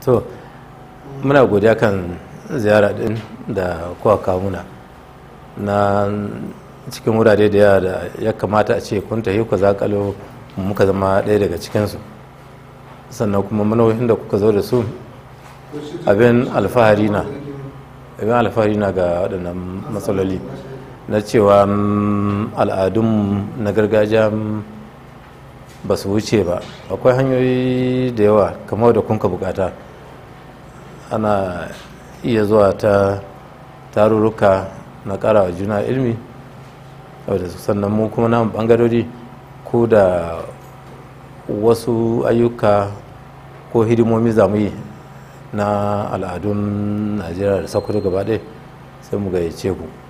to muna godiya kan ziyara din da kuwa kamuna na cikin wurare da ya kamata a ce kun tafi ku zakalo muka zama ɗaya daga cikinsu sannan kuma manohin da kuka zo da su abin alfahari na abin alfahari na ga waɗannan matsaloli na cewa mm, al'adun na gargajiya mm, ba su wuce ba akwai hanyoyi da yawa kamar da kunka bukata ana iya zuwa ta tarurruka na karawa juna ilmi sannan mu kuma namun bangarori ko da wasu ayyuka ko hidimomi zamu yi na al'adun najeriya da sakkwato gaba ɗaya sai mu gayyace ku